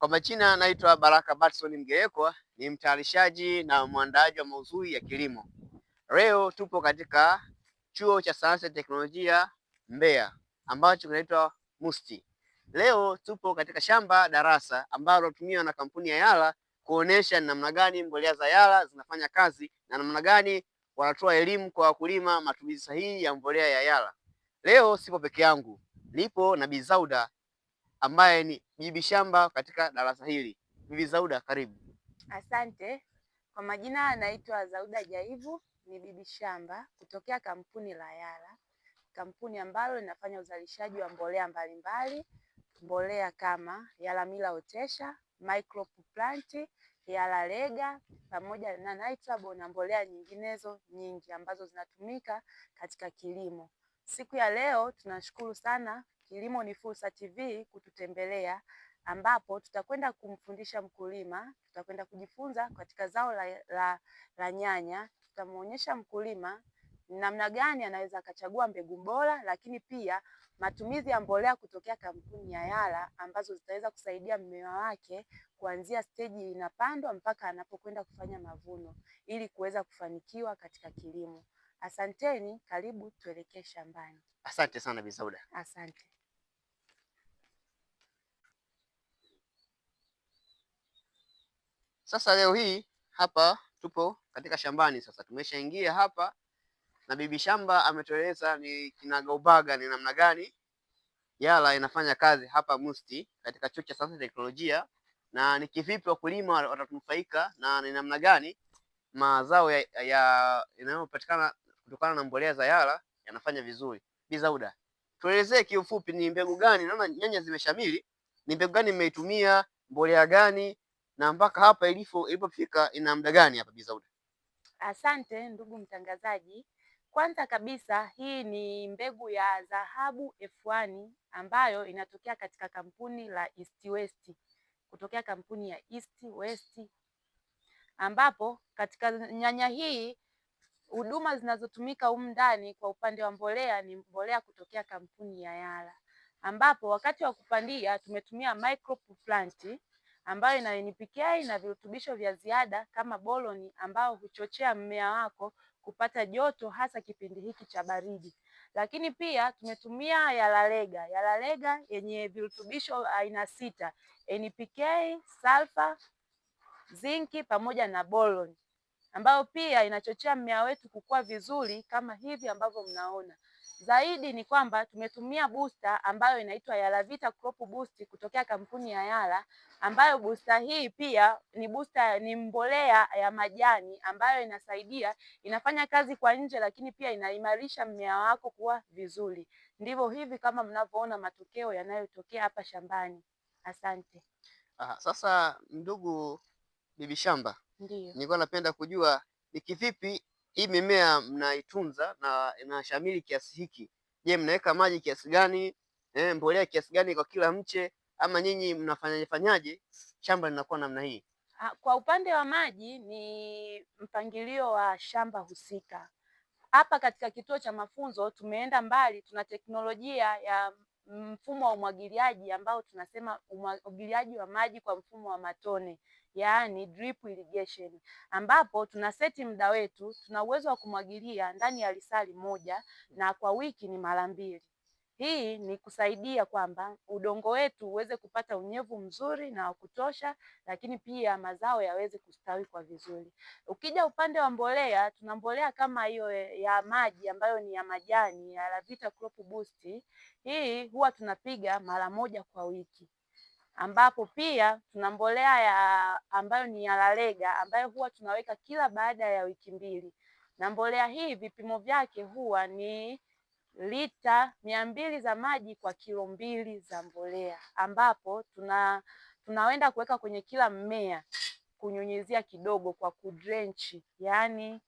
Kwa majina naitwa Baraka Batson Mgeekwa, ni mtayarishaji na mwandaaji wa maudhui ya kilimo. Leo tupo katika chuo cha sayansi na teknolojia Mbeya ambacho kinaitwa Musti. Leo tupo katika shamba darasa ambalo linatumiwa na kampuni ya Yara kuonesha ni namna gani mbolea za Yara zinafanya kazi na namna gani wanatoa elimu kwa wakulima matumizi sahihi ya mbolea ya Yara. Leo sipo peke yangu, nipo na Bizauda ambaye ni bibi shamba katika darasa hili. Bibi Zauda, karibu. Asante. Kwa majina anaitwa Zauda Jaivu, ni bibi shamba kutokea kampuni la Yara, kampuni ambalo linafanya uzalishaji wa mbolea mbalimbali, mbolea kama Mila Otesha, Plant, Yara Lega pamoja na Nitrabo na mbolea nyinginezo nyingi ambazo zinatumika katika kilimo. Siku ya leo tunashukuru sana Kilimo ni Fursa TV kututembelea, ambapo tutakwenda kumfundisha mkulima, tutakwenda kujifunza katika zao la, la, la nyanya. Tutamwonyesha mkulima namna gani anaweza akachagua mbegu bora, lakini pia matumizi ya mbolea kutokea kampuni ya Yara ambazo zitaweza kusaidia mmea wake kuanzia steji inapandwa mpaka anapokwenda kufanya mavuno ili kuweza kufanikiwa katika kilimo. Asanteni, karibu tuelekee shambani. Asante sana Bi Asante. Sasa leo hii hapa tupo katika shambani. Sasa tumeshaingia hapa na bibi shamba ametueleza ni kinagaubaga ni namna gani Yala inafanya kazi hapa Musti katika chuo cha sayansi teknolojia, na ni kivipi wakulima watanufaika na ni namna gani mazao yanayopatikana ya, kutokana na mbolea za Yala yanafanya vizuri. Bizauda, tuelezee kiufupi, ni mbegu gani? Naona nyanya zimeshamili, ni mbegu gani mmeitumia, mbolea gani, na mpaka hapa ilipofika ina muda gani hapa Bi Asante ndugu mtangazaji. Kwanza kabisa hii ni mbegu ya dhahabu F1 ambayo inatokea katika kampuni la East West, kutokea kampuni ya East West, ambapo katika nyanya hii huduma zinazotumika humu ndani kwa upande wa mbolea ni mbolea kutokea kampuni ya Yara, ambapo wakati wa kupandia tumetumia plant ambayo ina NPK na virutubisho vya ziada kama boloni ambao huchochea mmea wako kupata joto hasa kipindi hiki cha baridi. Lakini pia tumetumia yalalega, yalalega yenye virutubisho aina sita NPK, sulfa, zinki pamoja na boloni ambayo pia inachochea mmea wetu kukua vizuri kama hivi ambavyo mnaona. Zaidi ni kwamba tumetumia booster ambayo inaitwa Yaravita Crop Boost kutokea kampuni ya Yara, ambayo booster hii pia ni booster, ni mbolea ya majani ambayo inasaidia, inafanya kazi kwa nje, lakini pia inaimarisha mmea wako kuwa vizuri. Ndivyo hivi kama mnavyoona matokeo yanayotokea hapa shambani. Asante. Aha, sasa ndugu bibi shamba, ndio nilikuwa napenda kujua ni kivipi hii mimea mnaitunza na inashamiri kiasi hiki, je, mnaweka maji kiasi gani? E, mbolea kiasi gani kwa kila mche, ama nyinyi mnafanyaje fanyaje shamba linakuwa namna hii? Ah, kwa upande wa maji ni mpangilio wa shamba husika. Hapa katika kituo cha mafunzo tumeenda mbali, tuna teknolojia ya mfumo wa umwagiliaji ambao tunasema umwagiliaji wa maji kwa mfumo wa matone yaani drip irrigation, ambapo tuna seti muda wetu, tuna uwezo wa kumwagilia ndani ya lisali moja na kwa wiki ni mara mbili. Hii ni kusaidia kwamba udongo wetu uweze kupata unyevu mzuri na wa kutosha, lakini pia mazao yaweze kustawi kwa vizuri. Ukija upande wa mbolea, tuna mbolea kama hiyo ya maji ambayo ni ya majani ya Lavita Crop Boost. Hii huwa tunapiga mara moja kwa wiki ambapo pia tuna mbolea ya ambayo ni ya Lalega ambayo huwa tunaweka kila baada ya wiki mbili, na mbolea hii vipimo vyake huwa ni lita mia mbili za maji kwa kilo mbili za mbolea, ambapo tuna tunaenda kuweka kwenye kila mmea kunyunyizia kidogo kwa kudrenchi, yani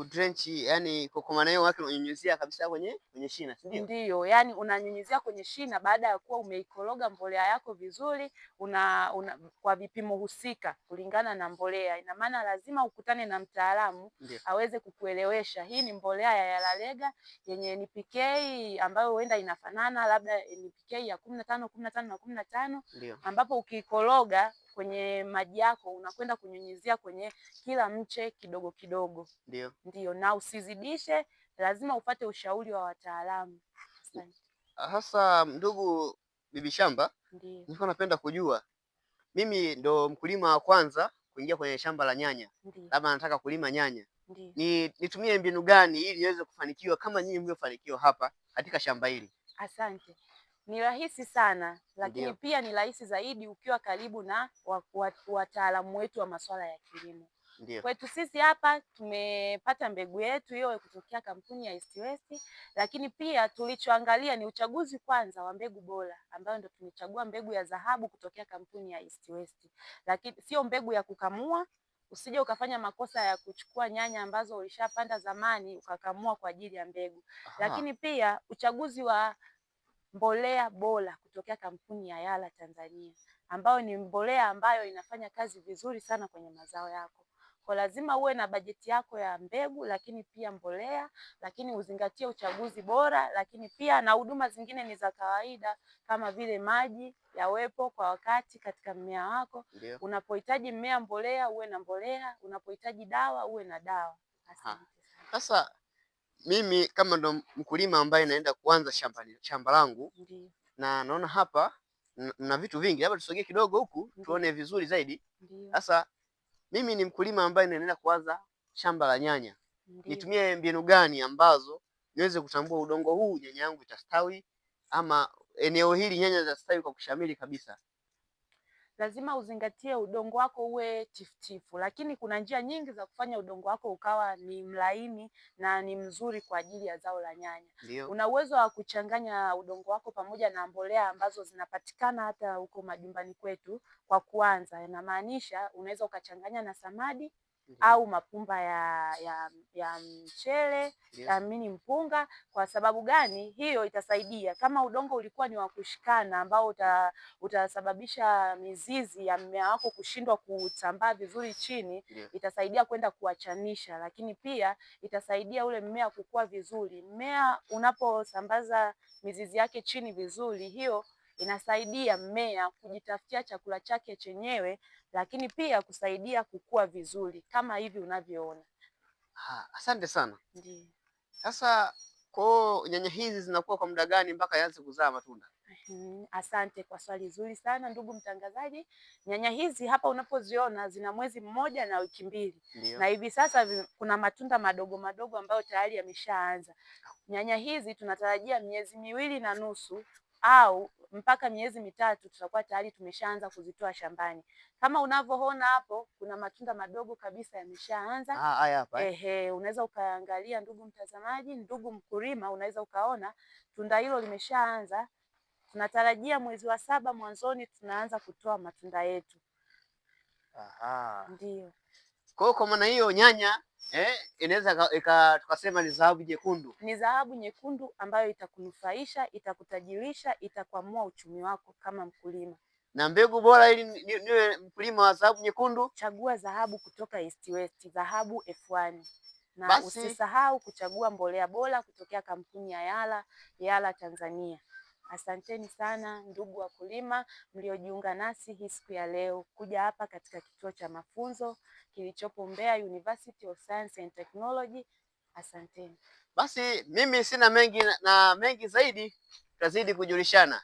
kudrenchi, yani kwa maana hiyo wake unanyunyizia kabisa kwenye kwenye shina, si ndio? Ndio, yani unanyunyizia kwenye shina baada ya kuwa umeikoroga mbolea yako vizuri, una, una kwa vipimo husika kulingana na mbolea. Ina maana lazima ukutane na mtaalamu aweze kukuelewesha hii ni mbolea ya yalalega yenye NPK ambayo huenda inafanana labda NPK ya kumi na tano kumi na tano na kumi na tano ambapo ukiikoroga kwenye maji yako unakwenda kunyunyizia kwenye kila mche kidogo kidogo. Ndio, ndio, na usizidishe, lazima upate ushauri wa wataalamu. Hasa ndugu bibi shamba, nilikuwa napenda kujua, mimi ndo mkulima wa kwanza kuingia kwenye shamba la nyanya, labda nataka kulima nyanya ni, nitumie mbinu gani ili niweze kufanikiwa kama nyinyi mliofanikiwa hapa katika shamba hili? Asante. Ni rahisi sana lakini Ndiyo. pia ni rahisi zaidi ukiwa karibu na wataalamu wetu wa masuala ya kilimo. Ndiyo. Kwetu sisi hapa tumepata mbegu yetu hiyo kutokea kampuni ya East West, lakini pia tulichoangalia ni uchaguzi kwanza wa mbegu bora, ambayo ndio tumechagua mbegu ya dhahabu kutokea kampuni ya East West, lakini sio mbegu ya kukamua. Usije ukafanya makosa ya kuchukua nyanya ambazo ulishapanda zamani ukakamua kwa ajili ya mbegu. Aha. Lakini pia uchaguzi wa mbolea bora kutokea kampuni ya Yara Tanzania, ambayo ni mbolea ambayo inafanya kazi vizuri sana kwenye mazao yako. Kwa lazima uwe na bajeti yako ya mbegu, lakini pia mbolea, lakini uzingatie uchaguzi bora, lakini pia na huduma zingine ni za kawaida kama vile maji yawepo kwa wakati katika mmea wako. Unapohitaji mmea mbolea uwe na mbolea, unapohitaji dawa uwe na dawa. Asante. Sasa mimi kama ndo mkulima ambaye naenda kuanza shamba langu na naona hapa na vitu vingi, labda tusogee kidogo huku tuone vizuri zaidi. Sasa mimi ni mkulima ambaye naenda kuanza shamba la nyanya, nitumie mbinu gani ambazo niweze kutambua udongo huu nyanya yangu itastawi ama eneo hili nyanya zitastawi kwa kushamiri kabisa? lazima uzingatie udongo wako uwe tifutifu, lakini kuna njia nyingi za kufanya udongo wako ukawa ni mlaini na ni mzuri kwa ajili ya zao la nyanya. Una uwezo wa kuchanganya udongo wako pamoja na mbolea ambazo zinapatikana hata huko majumbani kwetu. Kwa kuanza, inamaanisha unaweza ukachanganya na samadi Mhm. au mapumba ya, ya, ya mchele amini mpunga. Kwa sababu gani? Hiyo itasaidia kama udongo ulikuwa ni wa kushikana ambao uta, utasababisha mizizi ya mmea wako kushindwa kutambaa vizuri chini, itasaidia kwenda kuachanisha, lakini pia itasaidia ule mmea kukua vizuri. Mmea unaposambaza mizizi yake chini vizuri, hiyo inasaidia mmea kujitafutia chakula chake chenyewe, lakini pia kusaidia kukua vizuri kama hivi unavyoona. asante sana. Ndiyo. Sasa kwa nyanya hizi zinakuwa kwa muda gani mpaka yaanze kuzaa matunda? Mhm, asante kwa swali zuri sana ndugu mtangazaji. Nyanya hizi hapa unapoziona zina mwezi mmoja na wiki mbili, na hivi sasa kuna matunda madogo madogo ambayo tayari yameshaanza. Nyanya hizi tunatarajia miezi miwili na nusu au mpaka miezi mitatu tutakuwa tayari tumeshaanza kuzitoa shambani. Kama unavyoona hapo, kuna matunda madogo kabisa yameshaanza. Ah, haya hapa. Eh. Ehe, unaweza ukaangalia, ndugu mtazamaji, ndugu mkulima, unaweza ukaona tunda hilo limeshaanza. Tunatarajia mwezi wa saba mwanzoni tunaanza kutoa matunda yetu. Aha. Ndio. Kwa hiyo kwa maana hiyo nyanya eh, inaweza tukasema ni dhahabu nyekundu, ni dhahabu nyekundu ambayo itakunufaisha, itakutajirisha, itakwamua uchumi wako kama mkulima. Na mbegu bora ili niwe mkulima wa dhahabu nyekundu, chagua dhahabu kutoka East West, dhahabu F1 na basi, usisahau kuchagua mbolea bora kutokea kampuni ya Yara Yara Tanzania. Asanteni sana ndugu wakulima mliojiunga nasi hii siku ya leo kuja hapa katika kituo cha mafunzo kilichopo Mbeya University of Science and Technology. Asanteni. Basi mimi sina mengi na mengi zaidi, tutazidi kujulishana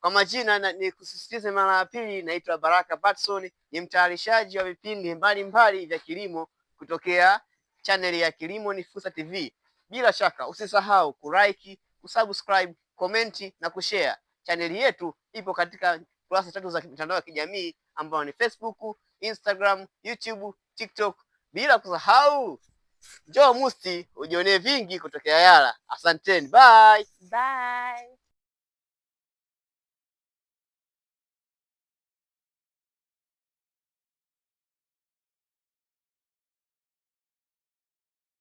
kwa majina na, ni kusisitize mara ya pili, naitwa Baraka Batson, ni mtayarishaji wa vipindi mbalimbali vya kilimo kutokea chaneli ya Kilimo ni Fursa TV. Bila shaka usisahau kulike, kusubscribe komenti na kushare. Chaneli yetu ipo katika kurasa tatu za mitandao ya kijamii ambayo ni Facebook, Instagram, YouTube, TikTok, bila kusahau Njoo Musti ujionee vingi kutokea Yala. Asanteni, bye. Bye.